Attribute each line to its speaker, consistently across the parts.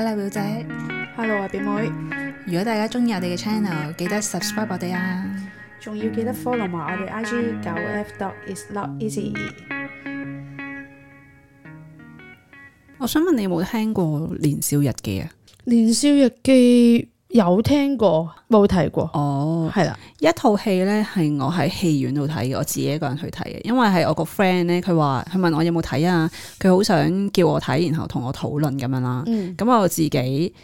Speaker 1: Hello 表姐，Hello 啊表妹。如果大家中意我哋嘅 channel，記得 subscribe 我哋啊。仲要記得 follow 埋我哋 IG
Speaker 2: 九 F dot is not easy。
Speaker 1: 我想問你有冇聽過《年少日記》啊？《年少日記》有聽過，冇睇過哦。Oh. 係啦，一套戲咧，係我喺戲院度睇嘅，我自己一個人去睇嘅，因為係我個 friend 咧，佢話佢問我有冇睇啊，佢好想叫我睇，然後同我討論咁樣啦，嗯，咁我自己。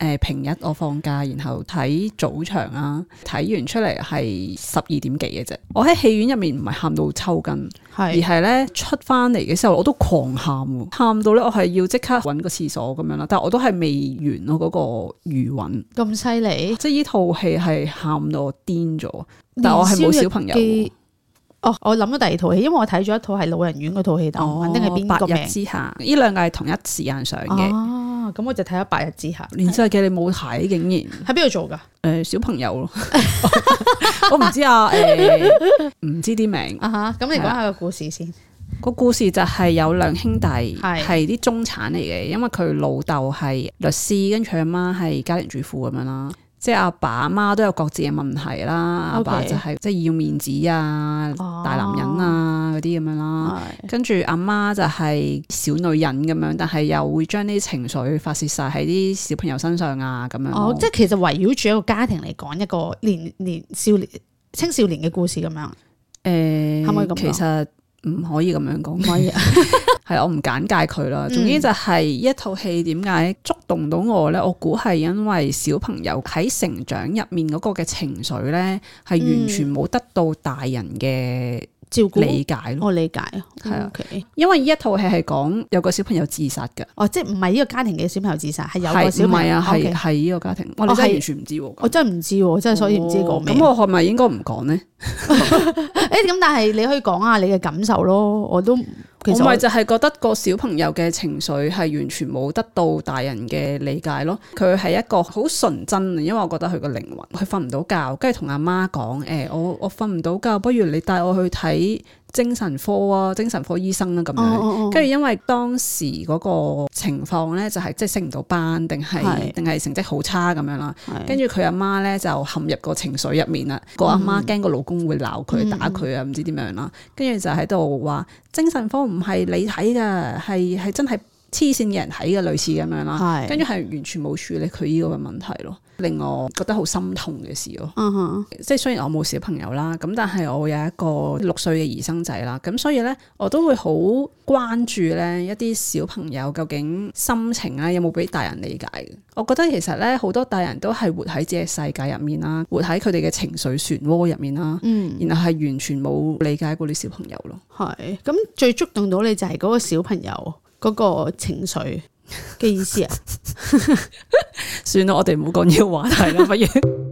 Speaker 1: 誒平日我放假，然後睇早場啊，睇完出嚟係十二點幾嘅啫。我喺戲院入面唔係喊到抽筋，係而係咧出翻嚟嘅時候我都狂喊喎，喊到咧我係要即刻揾個廁所咁樣啦。但係我都係未完咯，嗰個餘韻咁犀利。即係依套戲係喊到我癲咗，但係我係冇小朋友。哦，我諗咗第二套戲，因為我睇咗一套係老人院嗰套戲，但係我唔肯定係邊個名。白日之下，呢兩個係同一時間上嘅。哦啊！咁、哦、我就睇咗《白日之下》連，連世紀你冇睇竟然，喺邊度做噶？誒、呃，小朋友咯， 我唔知、呃、知 啊，誒、嗯，唔知啲名
Speaker 2: 啊嚇。咁你講下個故事先。
Speaker 1: 個故事就係有兩兄弟係啲中產嚟嘅，因為佢老豆係律師，跟住佢阿媽係家庭主婦咁樣啦。即係阿爸阿媽都有各自嘅問題啦。阿爸 Okay. 就係即係要面子啊，大男人啊。哦啲咁樣啦，嗯、跟住阿媽就係小女人咁樣，但係又會將啲情緒發洩晒喺啲小朋友身上啊，咁樣。哦，即係其實圍繞住一個家庭嚟講，一個年年少年青少年嘅故事咁樣。誒、欸，可唔可以咁？其實唔可以咁樣講，可以係我唔簡介佢啦。嗯、總之就係一套戲，點解觸動到我咧？我估係因為小朋友喺成長入面嗰個嘅情緒咧，係完全冇得到大人嘅、嗯。照理解咯，我理解，係啊，Okay. 因為呢一套戲係講有個小朋友自殺嘅。哦，即係唔係呢個家庭嘅小朋友自殺，係是是有個小朋友，係係呢個家庭，我、哦、真係完全唔知，
Speaker 2: 我真係唔知，真係所以唔知講咩。咁、
Speaker 1: 哦、我係咪應該唔講咧？
Speaker 2: 誒，咁但係你可以講下你嘅感受咯，我都。我咪就
Speaker 1: 係覺得個小朋友嘅情緒係完全冇得到大人嘅理解咯，佢係一個好純真，因為我覺得佢個靈魂，佢瞓唔到覺，跟住同阿媽講，誒、欸，我我瞓唔到覺，不如你帶我去睇。精神科啊，精神科醫生啦咁樣，跟住、哦哦哦、因為當時嗰個情況咧、就是，就係即係升唔到班，定係定係成績好差咁樣啦。跟住佢阿媽咧就陷入情緒是個情緒入面啦，個阿媽驚個老公會鬧佢、嗯、打佢啊，唔知點樣啦。跟住就喺度話精神科唔係你睇㗎，係係真係。黐線嘅人睇嘅類似咁樣啦，跟住係完全冇處理佢呢個問題咯，令我覺得好心痛嘅事咯。即係、嗯哼、雖然我冇小朋友啦，咁但係我有一個六歲嘅兒生仔啦，咁所以呢，我都會好關注呢一啲小朋友究竟心情呀有冇俾大人理解。我覺得其實呢，好多大人都係活喺自己世界入面啦，活喺佢哋嘅情緒漩渦入面啦，嗯，然後係完全冇理解過嗰啲小朋友咯。係，咁最觸動到你就係嗰個小朋友。嗰個情緒嘅意思呀？ 算啦，我哋唔好講呢個話題啦，不如。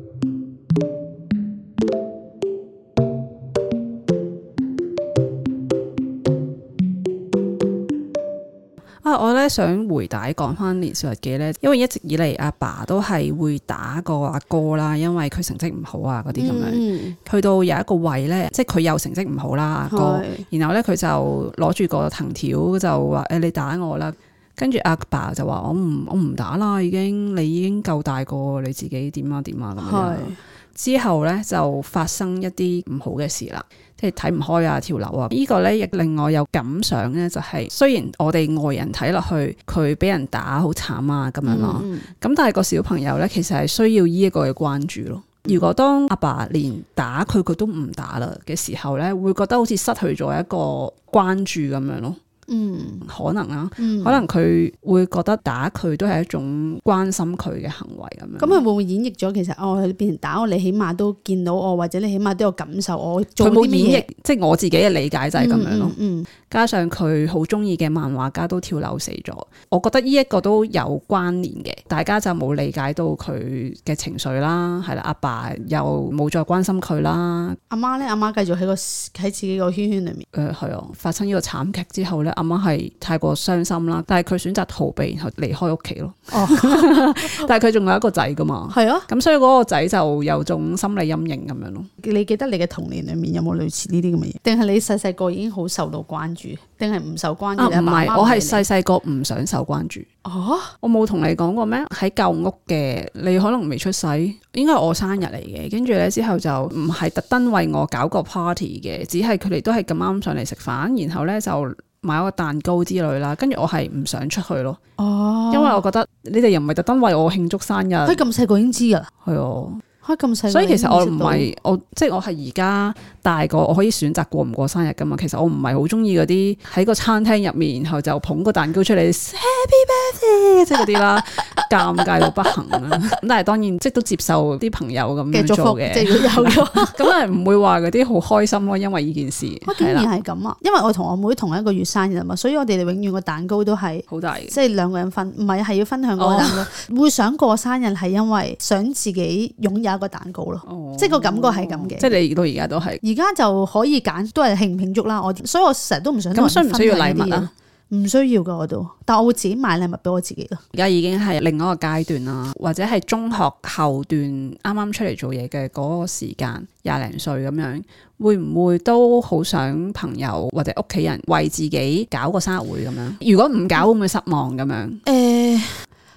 Speaker 1: 啊！我咧想回帶講翻年少日記咧，因為一直以嚟阿爸，爸都係會打個阿哥啦，因為佢成績唔好啊，嗰啲咁樣。嗯、去到有一個位咧，即係佢又成績唔好啦，阿哥。嗯、然後咧佢就攞住個藤條就話，誒、嗯哎、你打我啦！跟住阿爸就話我唔我唔打啦，已經你已經夠大個，你自己點啊點啊咁樣。是之後呢，就發生一啲唔好嘅事啦，即係睇唔開啊，跳樓啊！呢、這個呢，亦令我有感想呢、就是，就係雖然我哋外人睇落去佢俾人打好慘啊咁樣咯，咁、嗯、但係個小朋友呢，其實係需要呢一個嘅關注咯。如果當阿爸連打佢佢都唔打啦嘅時候呢，會覺得好似失去咗一個關注咁樣咯。嗯，可能啦、啊，嗯、可能佢會覺得打佢都係一種關心佢嘅行為咁樣。
Speaker 2: 咁佢、嗯、會唔會演繹咗？其實哦，佢變成打我，你起碼都見到我，或者你起碼都有感受我。佢冇演繹，
Speaker 1: 即係我自己嘅理解就係咁樣咯、嗯。嗯。嗯加上佢好中意嘅漫畫家都跳樓死咗，我覺得呢一個都有關聯嘅。大家就冇理解到佢嘅情緒啦，係啦，阿爸又冇再關心佢啦，阿媽呢？阿媽繼續喺個喺自己個圈圈裏面。誒係啊，發生呢個慘劇之後呢，阿媽係太過傷心啦，但係佢選擇逃避，然後離開屋企咯。哦， 但係佢仲有一個仔噶嘛？係啊，咁所以嗰個仔就有種心理陰影咁樣咯。你記得你嘅童年裏面有冇類似呢
Speaker 2: 啲咁嘅嘢？定係你細細個已經好受到關？定係唔受關注？唔係、啊，媽媽我係細細個唔
Speaker 1: 想受關注。哦，我冇同你講過咩？喺舊屋嘅，你可能未出世，應該係我生日嚟嘅。跟住咧之後就唔係特登為我搞個 party 嘅，只係佢哋都係咁啱上嚟食飯，然後咧就買個蛋糕之類啦。跟住我係唔想出去咯。
Speaker 2: 哦，因為我覺
Speaker 1: 得你哋又唔係特登為我慶祝生日。佢咁
Speaker 2: 細個已經知噶，係哦、啊。佢咁細，所以其實我唔係
Speaker 1: 我，即係我係而家。大個我可以選擇過唔過生日噶嘛？其實我唔係好中意嗰啲喺個餐廳入面，然後就捧個蛋糕出嚟，Happy Birthday 即係嗰啲啦，尷 尬到不行啦。咁 但係當然即都接受啲朋友咁樣做嘅，即係有咗咁啊，唔 會話嗰啲好開心咯，因為呢件事。竟然係
Speaker 2: 咁啊！因為我同我妹，妹同一個月生日嘛，所以我哋永遠個蛋糕都係好大嘅，即係兩個人分，唔係係要分享個蛋糕。哦、會想過生日係因為想自己擁有一個蛋糕咯，即係個感覺係咁嘅。即
Speaker 1: 係你到而家都係。
Speaker 2: 而家就可以揀，都係慶唔慶祝啦。我所以我成日都唔想咁需唔需要禮物啊？唔需要噶，我都，
Speaker 1: 但我會自己買禮物俾我自己咯。而家已經係另一個階段啦，或者係中學後段，啱啱出嚟做嘢嘅嗰個時間，廿零歲咁樣，會唔會都好想朋友或者屋企人為自己搞個生日會咁樣？如果唔搞會唔會失望咁樣？誒、嗯，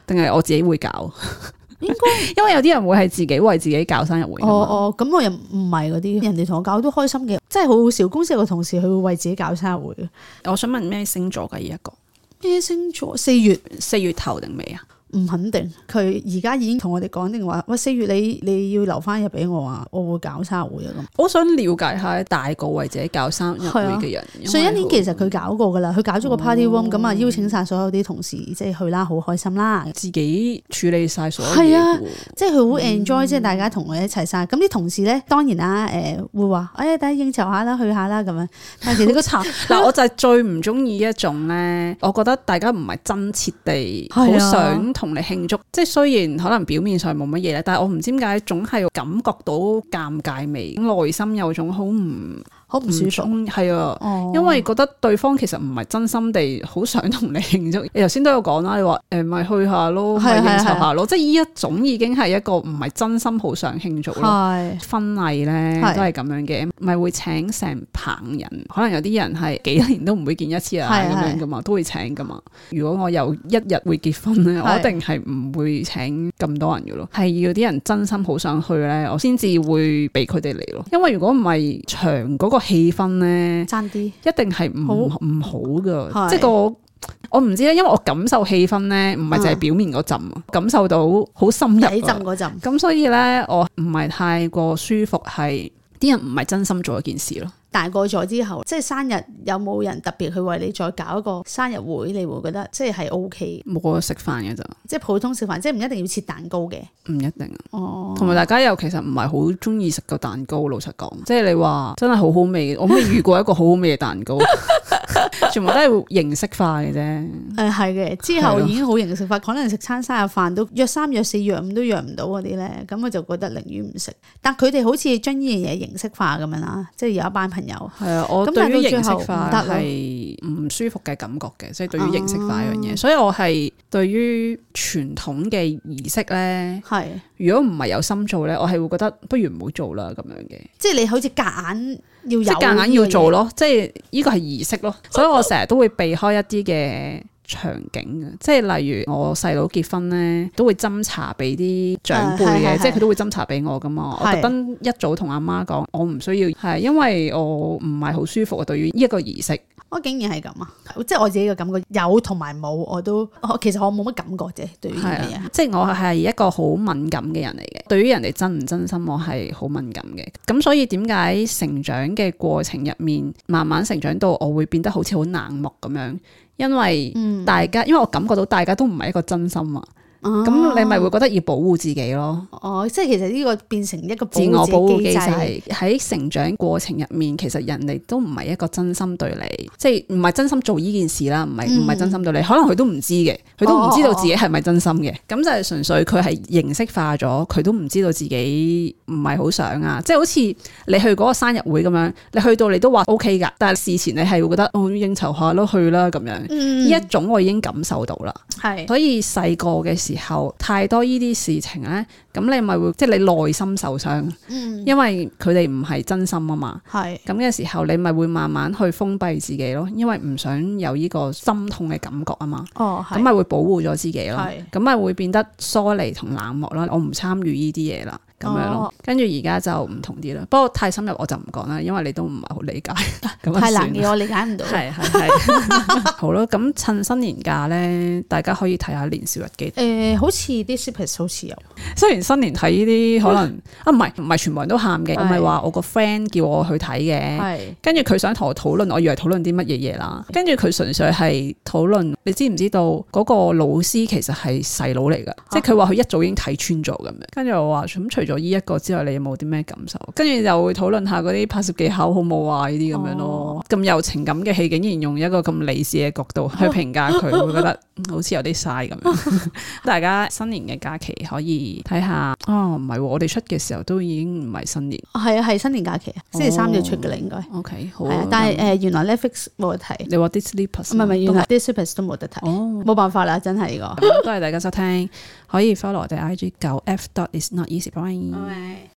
Speaker 1: 定、呃、係我自己會搞？ 應該， 因為有啲人會係自己為自己搞生日會哦。哦哦，
Speaker 2: 咁我又唔係嗰啲，人哋同我搞都開心嘅，真係好好笑。公司有個同事佢會為自己搞生日會。我想問咩星座嘅一個？咩星座？四月，四月頭定尾啊？唔肯定，佢而家已經同我哋講定話，喂，四月你你要留返日俾我啊，我會搞生日會啊咁。
Speaker 1: 我想了解下大個或者搞生日會嘅人。上、啊、一年其
Speaker 2: 實佢搞過噶啦，佢搞咗個 party room，咁啊、嗯、邀請晒所有啲同事即係、就是、去啦，好開心啦。自己處理晒所有啊，即係佢好 enjoy，即係大家同佢一齊晒。咁啲、嗯、同事咧，當然啦，誒會話，哎大家下應酬下啦，去下啦咁樣。但其實、那個茶
Speaker 1: 嗱我就係最唔中意一種咧，我覺得大家唔係真切地好想是、啊。同你慶祝，即係雖然可能表面上冇乜嘢咧，但係我唔知點解總係感覺到尷尬味，內心有種好唔～好唔舒服，係啊，因為覺得對方其實唔係真心地好想同你慶祝。頭先都有講啦，你話，誒、欸，咪去下咯，咪應酬下咯，即係依一種已經係一個唔係真心好想慶祝咯。是的 婚禮咧是的 都係咁樣嘅，咪會請成棚人，可能有啲人係幾年都唔會見一次啊咁是的 樣噶嘛，都會請噶嘛。如果我有一日會結婚咧，是的 我一定係唔會請咁多人嘅咯，係要啲人真心好想去咧，我先至會俾佢哋嚟咯。因為如果唔係長嗰個。氣氛咧，差啲點，一定係唔唔好噶。好是即係、那個，我唔知咧，因為我感受氣氛咧，唔係淨係表面嗰陣，嗯、感受到好深入嗰陣。咁所以咧，我唔係太過舒服，係啲人唔係真心做一件事咯。
Speaker 2: 大個咗之後，即係生日有冇人特別去為你再搞一個生日會？你會覺得即
Speaker 1: 係係 O K 冇啊，食飯嘅咋，
Speaker 2: 即係普通食飯，即係唔一定要切蛋糕嘅。
Speaker 1: 唔一定哦，同埋大家又其實唔係好中意食個蛋糕，老實講，即係你話真係好好味嘅，我未遇過一個好好味嘅蛋糕。 全部都係形式化嘅啫，
Speaker 2: 誒係嘅，之後已經好形式化，的可能食餐生日飯都約三約四約五都約唔到嗰啲咧，咁我就覺得寧願唔食。但佢哋好似將呢樣嘢形式化咁樣啦，即係有一班朋友
Speaker 1: 係啊，我對於形式化得係唔舒服嘅感覺嘅，所以對於形式化一樣嘢，嗯、所以我係對於傳統嘅儀式咧，係的如果唔係有心做咧，我係會覺得不如唔好做啦咁樣嘅。
Speaker 2: 即係你好似夾硬要有，夾硬要做咯，
Speaker 1: 即係呢個係儀式咯。所以我成日都會避開一啲嘅。場景嘅，即係例如我細佬結婚呢，都會斟茶俾啲長輩嘅，呃、是是是是即係佢都會斟茶俾我噶嘛。是是我特登一早同阿媽講，我唔需要，係因為我唔係好舒服啊。對於呢一個儀式，我竟然係咁啊！
Speaker 2: 即係我自己嘅感覺，有同埋冇我都，其實我冇乜感覺啫。對於呢啲
Speaker 1: 即係我係一個好敏感嘅人嚟嘅。對於人哋真唔真心，我係好敏感嘅。咁所以點解成長嘅過程入面，慢慢成長到我會變得好似好冷漠咁樣？因為大家，因為我感覺到大家都唔係一個真心啊。
Speaker 2: 咁、哦、你咪會覺
Speaker 1: 得要保護自己咯？
Speaker 2: 哦，即係其實呢個變成一個護自，自我保護機制。
Speaker 1: 喺成長過程入面，其實人哋都唔係一個真心對你，即係唔係真心做呢件事啦，唔係唔係真心對你，可能佢都唔知嘅，佢都唔知道自己係咪真心嘅。咁、哦哦、就係純粹佢係形式化咗，佢都唔知道自己唔係好想啊。即係好似你去嗰個生日會咁樣，你去到你都話 OK 噶，但係事前你係會覺得我、哦、應酬下咯，去啦咁樣。呢、嗯、一種我已經感受到啦。係，是所以細個嘅時候太多呢啲事情咧，咁你咪會即係你內心受傷，嗯、因為佢哋唔係真心啊嘛。係咁嘅時候，你咪會慢慢去封閉自己咯，因為唔想有呢個心痛嘅感覺啊嘛。哦，咁咪會保護咗自己咯。係是，咁咪會變得疏離同冷漠啦。我唔參與呢啲嘢啦。哦，跟住而家就唔同啲啦，不過太深入我就唔講啦，因為你都唔係好理解，咁太難嘅我理解唔到。係係係， 好咯，咁趁新年假咧，大家可以睇下《年少日記》。誒、呃，好似啲 s 好似有，雖然新年睇呢啲可能、嗯、啊，唔係唔係全部人都喊嘅。是我咪話我個 friend 叫我去睇嘅，是跟住佢想同我討論，我以為討論啲乜嘢嘢啦，跟住佢純粹係討論，你知唔知道嗰個老師其實係細佬嚟噶，即係佢話佢一早已經睇穿咗咁樣，跟住我話咁除咗。做依一個之後，你有冇啲咩感受？跟住又會討論下嗰啲拍攝技巧好唔好啊？呢啲咁樣咯，咁、哦、有情感嘅戲，竟然用一個咁理智嘅角度去評價佢，哦、 我會覺得。好似有啲嘥咁樣， 大家新年嘅假期可以睇下。 哦，唔係、哦，我哋出嘅時候都已經唔係新年。哦，係啊，係新年假期啊，星期三要出嘅啦，應該。O K，好。但係誒、嗯呃，原來 Netflix 冇得睇。你話 Disney+？唔係唔係，原來
Speaker 2: Disney+ 都冇得睇。哦，冇辦法啦，真係呢、
Speaker 1: 這個。 多謝大家收聽，可以 follow 我哋 I G 九 F dot is not easy。好，拜。